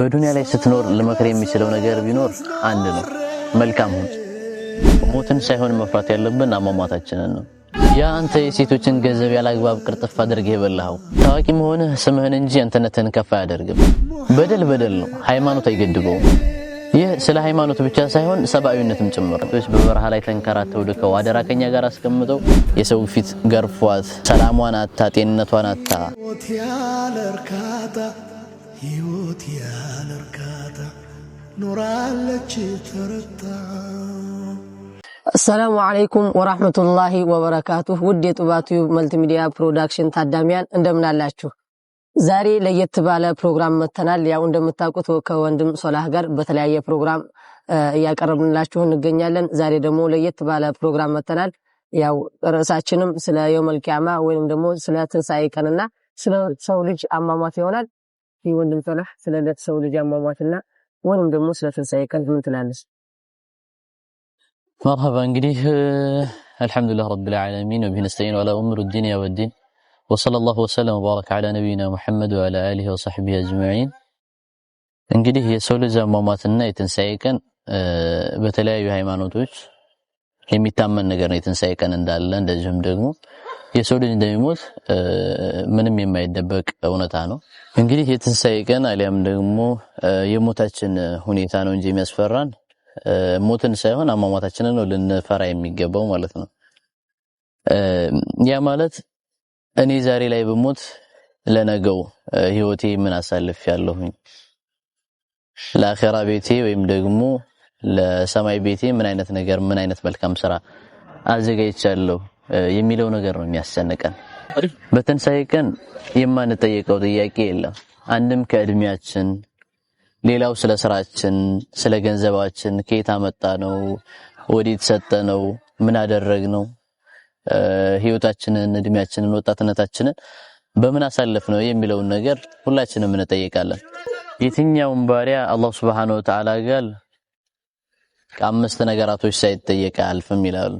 በዱንያ ላይ ስትኖር ልመክር የሚችለው ነገር ቢኖር አንድ ነው፣ መልካም ሁን። ሞትን ሳይሆን መፍራት ያለብን አሟሟታችንን ነው። ያ አንተ የሴቶችን ገንዘብ ያላግባብ ቅርጥፍ አድርገህ የበላኸው ታዋቂ መሆንህ ስምህን እንጂ አንተነትህን ከፍ አያደርግም። በደል በደል ነው፣ ሃይማኖት አይገድበውም። ይህ ስለ ሃይማኖት ብቻ ሳይሆን ሰብአዊነትም ጭምር። በበረሃ ላይ ተንከራተው ልከው አደራ ከኛ ጋር አስቀምጠው የሰው ፊት ገርፏት ሰላሟን አታ ጤንነቷን አታ ሕይወት ያለ እርካታ ኖራለች ተረታ። አሰላሙ ወራህመቱላሂ ወበረካቱ ውድ የጡባቱ መልቲሚዲያ ፕሮዳክሽን ታዳሚያን እንደምናላችሁ። ዛሬ ለየት ባለ ፕሮግራም መተናል። ያው እንደምታውቁት ከወንድም ሶላህ ጋር በተለያየ ፕሮግራም እያቀረብንላችሁ እንገኛለን። ዛሬ ደግሞ ለየት ባለ ፕሮግራም መተናል። ያው ርዕሳችንም ስለ የውመል ቂያማ ወይም ደግሞ ስለ ትንሣኤ ቀንና ስለ ሰው ልጅ አሟሟት ይሆናል። في وندم ثلاح سلالة سولي جام مواتلنا وندم مسلة سيكل في متلانس مرحبا قريه آه، الحمد لله رب العالمين وبه نستعين على أمر الدنيا والدين وصلى الله وسلم وبارك على نبينا محمد وعلى آله وصحبه أجمعين قريه سولي جام مواتلنا يتنسيكن آه، بتلاقي هاي ما نتوش የሚታመን ነገር ነው የትንሳኤ ቀን እንዳለ እንደዚሁም ደግሞ የሰው ልጅ እንደሚሞት ምንም የማይደበቅ እውነታ ነው። እንግዲህ የትንሣኤ ቀን አሊያም ደግሞ የሞታችን ሁኔታ ነው እንጂ የሚያስፈራን ሞትን ሳይሆን አሟሟታችንን ነው ልንፈራ የሚገባው ማለት ነው። ያ ማለት እኔ ዛሬ ላይ በሞት ለነገው ህይወቴ ምን አሳልፍ ያለሁኝ ለአኼራ ቤቴ ወይም ደግሞ ለሰማይ ቤቴ ምን አይነት ነገር ምን አይነት መልካም ስራ አዘጋጅቻለሁ የሚለው ነገር ነው የሚያስጨንቀን። በትንሣኤ ቀን የማንጠየቀው ጥያቄ የለም። አንድም ከእድሜያችን ሌላው ስለ ስራችን፣ ስለ ገንዘባችን፣ ከየት አመጣ ነው፣ ወዴት ሰጠ ነው፣ ምን አደረግ ነው፣ ህይወታችንን፣ እድሜያችንን፣ ወጣትነታችንን በምን አሳለፍ ነው የሚለውን ነገር ሁላችንም እንጠይቃለን? የትኛውም ባሪያ አላህ Subhanahu Wa Ta'ala ጋር ከአምስት ነገራቶች ሳይጠየቅ አልፍም ይላሉ።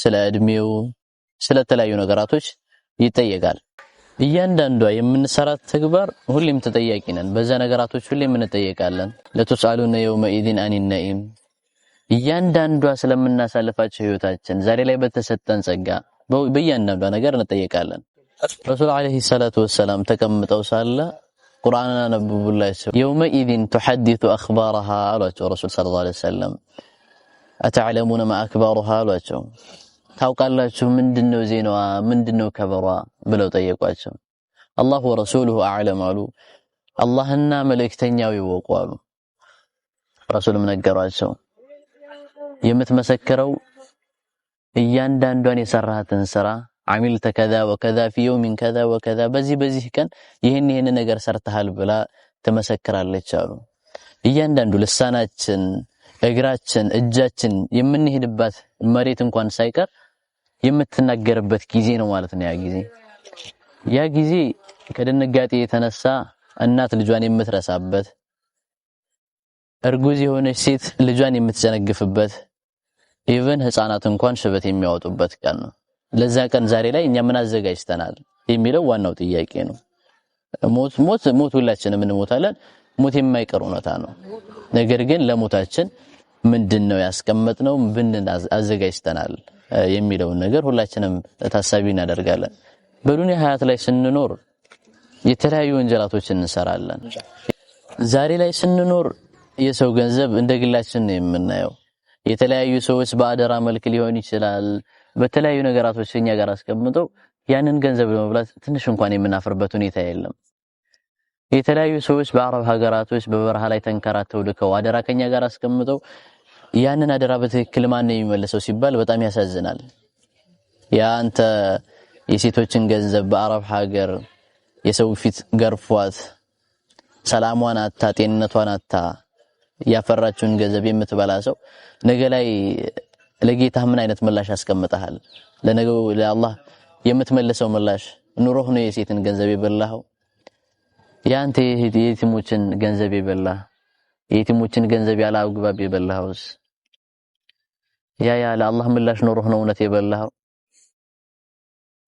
ስለ እድሜው፣ ስለተለያዩ ነገራቶች ይጠየቃል። እያንዳንዷ የምንሰራት ተግባር ሁሌም ተጠያቂ ነን። በዛ ነገራቶች ሁሌም እንጠየቃለን። ለቱስአሉነ የውመኢዚን አኒ ነዒም። እያንዳንዷ ስለምናሳልፋቸው ህይወታችን ዛሬ ላይ በተሰጠን ጸጋ በእያንዳንዷ ነገር እንጠየቃለን። ረሱል ዓለይሂ ሰላቱ ወሰላም ተቀምጠው ሳለ ቁርአንን አነብቡላቸው። የውመኢዚን ቱሐዲቱ አኽባረሃ አሏቸው ረሱል ሰለላሁ ዓለይሂ ወሰለም። አተዕለሙነ ማ አክባሩሃ አሏቸው ታውቃላችሁ ምንድነው ዜናዋ? ምንድነው ከበሯ? ብለው ጠየቋቸው። አላህ ወረሱሉሁ አዕለም አሉ። አላህና መልእክተኛው ይወቁ አሉ። ረሱልም ነገሯቸው የምትመሰክረው እያንዳንዷን የሰራሃትን ስራ አሚልተ ከዛ ወከዛ ፊ የውሚን ከዛ ወከዛ በዚህ በዚህ ቀን ይህን ይህን ነገር ሰርተሃል ብላ ትመሰክራለች አሉ። እያንዳንዱ ልሳናችን፣ እግራችን፣ እጃችን የምንሄድባት መሬት እንኳን ሳይቀር የምትናገርበት ጊዜ ነው ማለት ነው። ያ ጊዜ ያ ጊዜ ከድንጋጤ የተነሳ እናት ልጇን የምትረሳበት፣ እርጉዝ የሆነች ሴት ልጇን የምትዘነግፍበት፣ ኢቨን ህፃናት እንኳን ሽበት የሚያወጡበት ቀን ነው። ለዛ ቀን ዛሬ ላይ እኛ ምን አዘጋጅተናል የሚለው ዋናው ጥያቄ ነው። ሞት ሞት ሞት ሁላችንም እንሞታለን። ሞት የማይቀር እውነታ ነው። ነገር ግን ለሞታችን ምንድን ነው ያስቀመጥነው? ብንን አዘጋጅተናል? የሚለውን ነገር ሁላችንም ታሳቢ እናደርጋለን። በዱንያ ሀያት ላይ ስንኖር የተለያዩ ወንጀላቶች እንሰራለን። ዛሬ ላይ ስንኖር የሰው ገንዘብ እንደ ግላችን ነው የምናየው። የተለያዩ ሰዎች በአደራ መልክ ሊሆን ይችላል፣ በተለያዩ ነገራቶች እኛ ጋር አስቀምጠው ያንን ገንዘብ ለመብላት ትንሽ እንኳን የምናፍርበት ሁኔታ የለም። የተለያዩ ሰዎች በአረብ ሀገራቶች በበረሃ ላይ ተንከራተው ልከው አደራ ከኛ ጋር አስቀምጠው ያንን አደራ በትክክል ማን ነው የሚመልሰው ሲባል በጣም ያሳዝናል። ያ አንተ የሴቶችን ገንዘብ በአረብ ሀገር የሰው ፊት ገርፏት ሰላሟን አታ ጤንነቷን አታ ያፈራችውን ገንዘብ የምትበላ ሰው ነገ ላይ ለጌታ ምን አይነት ምላሽ ያስቀምጠሃል? ለነገው ለአላህ የምትመልሰው ምላሽ ኑሮህ ነው የሴትን ገንዘብ የበላኸው። ያንተ የየቲሞችን ገንዘብ የበላህ የየቲሞችን ገንዘብ ያለ አግባብ የበላኸውስ ያ ያ ለአላህ ምላሽ ኖሮህ ነው እውነት የበላኸው።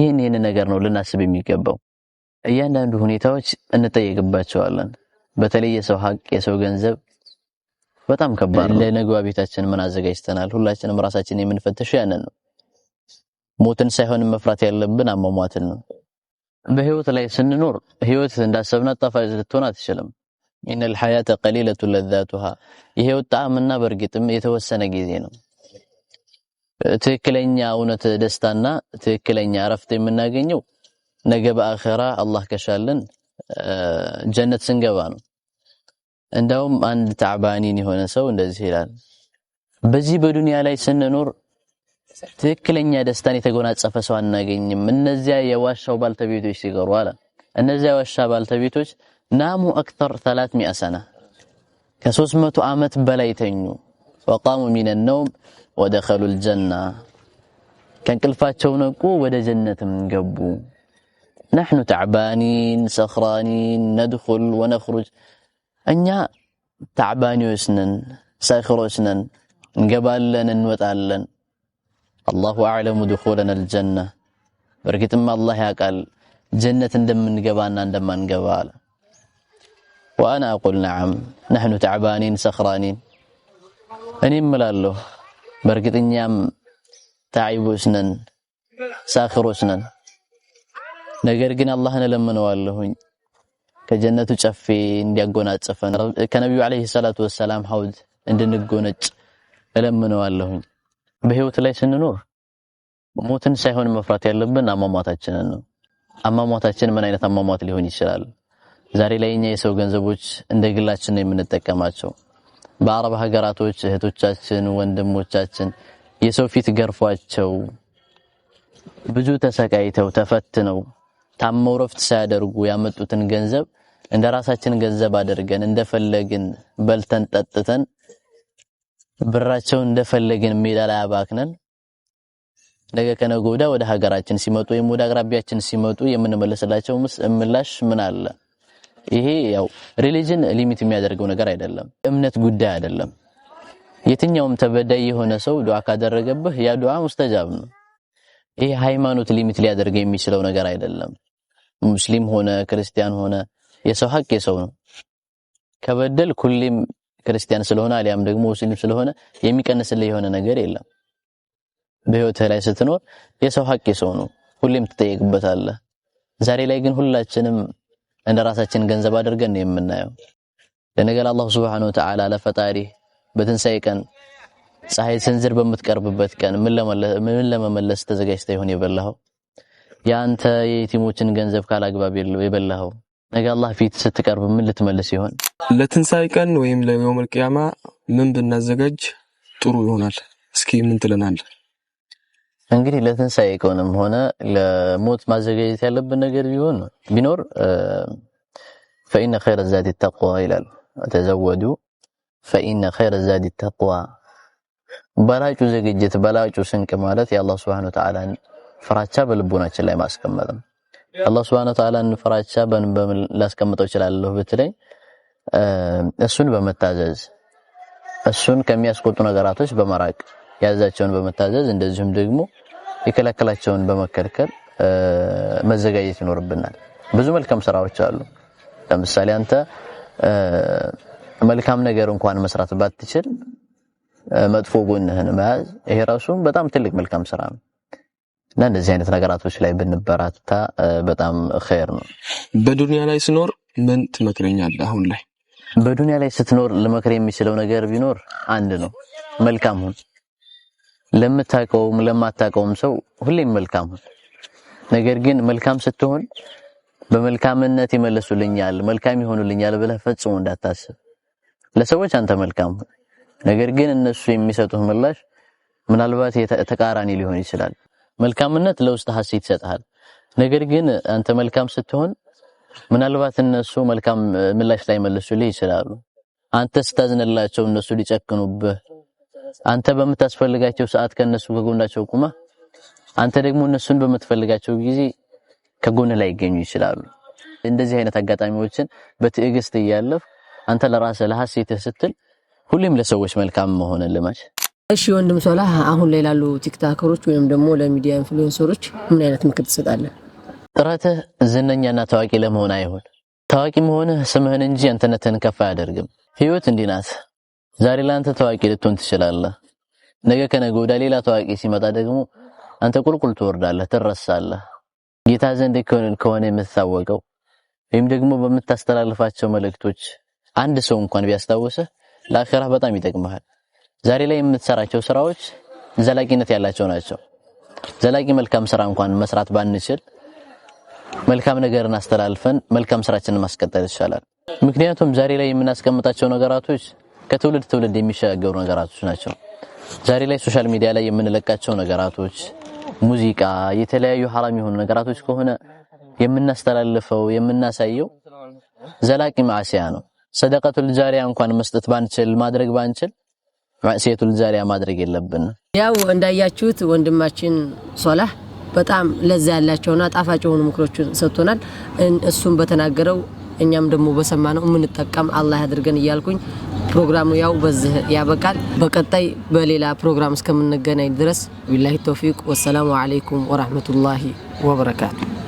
ይህን ይህን ነገር ነው ልናስብ የሚገባው። እያንዳንዱ ሁኔታዎች እንጠየቅባቸዋለን። በተለይ የሰው ሀቅ፣ የሰው ገንዘብ በጣም ከባድ ነው። ለነገዋ ቤታችን ምን አዘጋጅተናል? ሁላችንም ራሳችን የምንፈትሽ ያንን ነው። ሞትን ሳይሆን መፍራት ያለብን አሟሟትን ነው። በህይወት ላይ ስንኖር ህይወት እንዳሰብናት ጣፋጭ ልትሆን አትችልም። ኢነል ሐያተ ቀሊለቱ ለዛቱሃ የህይወት ጣዕምና በእርግጥም የተወሰነ ጊዜ ነው። ትክክለኛ እውነት ደስታና ትክክለኛ እረፍት የምናገኘው ነገ በአኺራ አላህ ከሻለን ጀነት ስንገባ ነው። እንደውም አንድ ተዕባኒን የሆነ ሰው እንደዚህ ይላል፣ በዚህ በዱንያ ላይ ስንኖር ትክክለኛ ደስታን የተጎናጸፈ ሰው አናገኝም፣ እነዚያ የዋሻው ባልተቤቶች ሲገሩ አለ። እነዚያ የዋሻ ባልተቤቶች ናሙ አክተር ተላት ሚያ ሰና ከሶስት መቶ ዓመት በላይ ተኙ፣ ወቃሙ ሚነ ነውም ودخلوا الجنة كان كل فاتشون ودا جنة من قبو نحن تعبانين سخرانين ندخل ونخرج أنيا تعبان يسنن ساخر لنا نقبالن نوتالن الله أعلم دخولنا الجنة بركت ما الله يقال جنة دم من قبالنا دم من قبال وأنا أقول نعم نحن تعبانين سخرانين أني ملاله በእርግጠኛም ታዒቦች ነን፣ ሳኽሮች ነን። ነገር ግን አላህን እለምነዋለሁኝ ከጀነቱ ጨፌ እንዲያጎናጽፈን ከነቢዩ ዓለይሂ ሰላቱ ወሰላም ሐውድ እንድንጎነጭ እለምነዋለሁኝ። በህይወት ላይ ስንኖር ሞትን ሳይሆን መፍራት ያለብን አሟሟታችንን ነው። አሟሟታችን ምን አይነት አሟሟት ሊሆን ይችላል? ዛሬ ላይ እኛ የሰው ገንዘቦች እንደ ግላችን ነው የምንጠቀማቸው። በአረብ ሀገራቶች እህቶቻችን ወንድሞቻችን የሰው ፊት ገርፏቸው ብዙ ተሰቃይተው ተፈትነው ታመው ረፍት ሳያደርጉ ያመጡትን ገንዘብ እንደ ራሳችን ገንዘብ አድርገን እንደፈለግን በልተን ጠጥተን ብራቸውን እንደፈለግን ሜዳ ላይ አባክነን ነገ ከነገ ወዲያ ወደ ሀገራችን ሲመጡ ወይም ወደ አቅራቢያችን ሲመጡ የምንመለስላቸው ምላሽ ምን አለ? ይሄ ያው ሪሊጅን ሊሚት የሚያደርገው ነገር አይደለም። እምነት ጉዳይ አይደለም። የትኛውም ተበዳይ የሆነ ሰው ዱዓ ካደረገብህ ያ ዱዓ ሙስተጃብ ነው። ይሄ ሃይማኖት ሊሚት ሊያደርግ የሚችለው ነገር አይደለም። ሙስሊም ሆነ ክርስቲያን ሆነ የሰው ሀቅ የሰው ነው። ከበደል ሁሌም ክርስቲያን ስለሆነ አሊያም ደግሞ ሙስሊም ስለሆነ የሚቀንስልህ የሆነ ነገር የለም። በህይወትህ ላይ ስትኖር የሰው ሀቅ የሰው ነው። ሁሌም ትጠየቅበታለህ። ዛሬ ላይ ግን ሁላችንም እንደ ራሳችን ገንዘብ አድርገን ነው የምናየው። ለነገር አላሁ ስብሐነሁ ወተዓላ ለፈጣሪ በትንሳኤ ቀን ፀሐይ ስንዝር በምትቀርብበት ቀን ምን ለመመለስ ተዘጋጅተህ ይሆን የበላኸው? የአንተ የቲሞችን ገንዘብ ካላግባብ የበላኸው ነገ አላህ ፊት ስትቀርብ ምን ልትመልስ ይሆን? ለትንሳኤ ቀን ወይም ለየውመል ቂያማ ምን ብናዘጋጅ ጥሩ ይሆናል? እስኪ ምን ትለናለህ? እንግዲህ ለትንሣኤ ቀንም ሆነ ለሞት ማዘጋጀት ያለብን ነገር ቢሆን ቢኖር ፈኢነ ኸይረ ዛዲ ተቅዋ ይላል። ተዘወዱ ፈኢነ ኸይረ ዛዲ ተቅዋ። በላጩ ዝግጅት፣ በላጩ ስንቅ ማለት የአላህ ሱብሓነሁ ወተዓላን ፍራቻ በልቦናችን ላይ ማስቀመጥ ነው። አላህ ሱብሓነሁ ወተዓላን ፍራቻ በምን ላስቀምጠው እችላለሁ ብትለኝ፣ እሱን በመታዘዝ እሱን ከሚያስቆጡ ነገራቶች በመራቅ ያዛቸውን በመታዘዝ እንደዚሁም ደግሞ የከለከላቸውን በመከልከል መዘጋጀት ይኖርብናል። ብዙ መልካም ስራዎች አሉ። ለምሳሌ አንተ መልካም ነገር እንኳን መስራት ባትችል መጥፎ ጎንህን መያዝ ይሄ ራሱ በጣም ትልቅ መልካም ስራ ነው እና እንደዚህ አይነት ነገራቶች ላይ ብንበራታ በጣም ኸይር ነው። በዱንያ ላይ ስኖር ምን ትመክረኛለህ? አሁን ላይ በዱንያ ላይ ስትኖር ልመክር የሚችለው ነገር ቢኖር አንድ ነው፣ መልካም ሁን። ለምታውቀውም ለማታውቀውም ሰው ሁሌም መልካም ሁን። ነገር ግን መልካም ስትሆን በመልካምነት ይመለሱልኛል፣ መልካም ይሆኑልኛል ብለህ ፈጽሞ እንዳታስብ። ለሰዎች አንተ መልካም ሁን። ነገር ግን እነሱ የሚሰጡህ ምላሽ ምናልባት ተቃራኒ ሊሆን ይችላል። መልካምነት ለውስጥ ሐሴት ይሰጥሃል። ነገር ግን አንተ መልካም ስትሆን ምናልባት እነሱ መልካም ምላሽ ላይ መልሱልህ ይችላሉ። አንተ ስታዝነላቸው እነሱ ሊጨክኑብህ አንተ በምታስፈልጋቸው ሰዓት ከነሱ ከጎናቸው ቁማ፣ አንተ ደግሞ እነሱን በምትፈልጋቸው ጊዜ ከጎን ላይ ይገኙ ይችላሉ። እንደዚህ አይነት አጋጣሚዎችን በትዕግስት እያለፍ አንተ ለራስህ ለሀሴት ስትል ሁሌም ለሰዎች መልካም መሆን ልማድ። እሺ ወንድም ሶላህ፣ አሁን ላይ ላሉ ቲክታከሮች ወይም ደግሞ ለሚዲያ ኢንፍሉዌንሰሮች ምን አይነት ምክር ትሰጣለህ? ጥረትህ ዝነኛና ታዋቂ ለመሆን አይሆን። ታዋቂ መሆንህ ስምህን እንጂ አንተነትህን ከፍ አያደርግም። ህይወት እንዲህ ናት። ዛሬ ለአንተ ታዋቂ ልትሆን ትችላለህ። ነገ ከነገ ወዲያ ሌላ ታዋቂ ሲመጣ ደግሞ አንተ ቁልቁል ትወርዳለህ፣ ትረሳለህ። ጌታ ዘንድ ከሆነ የምትታወቀው ወይም ደግሞ በምታስተላልፋቸው መልእክቶች አንድ ሰው እንኳን ቢያስታውስህ ለአኺራ በጣም ይጠቅመሃል። ዛሬ ላይ የምትሰራቸው ስራዎች ዘላቂነት ያላቸው ናቸው። ዘላቂ መልካም ስራ እንኳን መስራት ባንችል መልካም ነገርን አስተላልፈን መልካም ስራችንን ማስቀጠል ይቻላል። ምክንያቱም ዛሬ ላይ የምናስቀምጣቸው ነገራቶች ከትውልድ ትውልድ የሚሸጋገሩ ነገራቶች ናቸው። ዛሬ ላይ ሶሻል ሚዲያ ላይ የምንለቃቸው ነገራቶች፣ ሙዚቃ፣ የተለያዩ ሐራም የሆኑ ነገራቶች ከሆነ የምናስተላልፈው የምናሳየው ዘላቂ ማዕሲያ ነው። ሰደቀቱል ጃሪያ እንኳን መስጠት ባንችል ማድረግ ባንችል ማዕሲያቱል ጃሪያ ማድረግ የለብን። ያው እንዳያችሁት ወንድማችን ሶላህ በጣም ለዛ ያላቸውና ጣፋጭ የሆኑ ምክሮችን ሰጥቶናል። እሱም በተናገረው እኛም ደግሞ በሰማነው የምንጠቀም አላህ ያድርገን እያልኩኝ ፕሮግራሙ ያው በዚህ ያበቃል። በቀጣይ በሌላ ፕሮግራም እስከምንገናኝ ድረስ ቢላሂ ተውፊቅ ወሰላሙ አለይኩም ወራህመቱላሂ ወበረካቱ።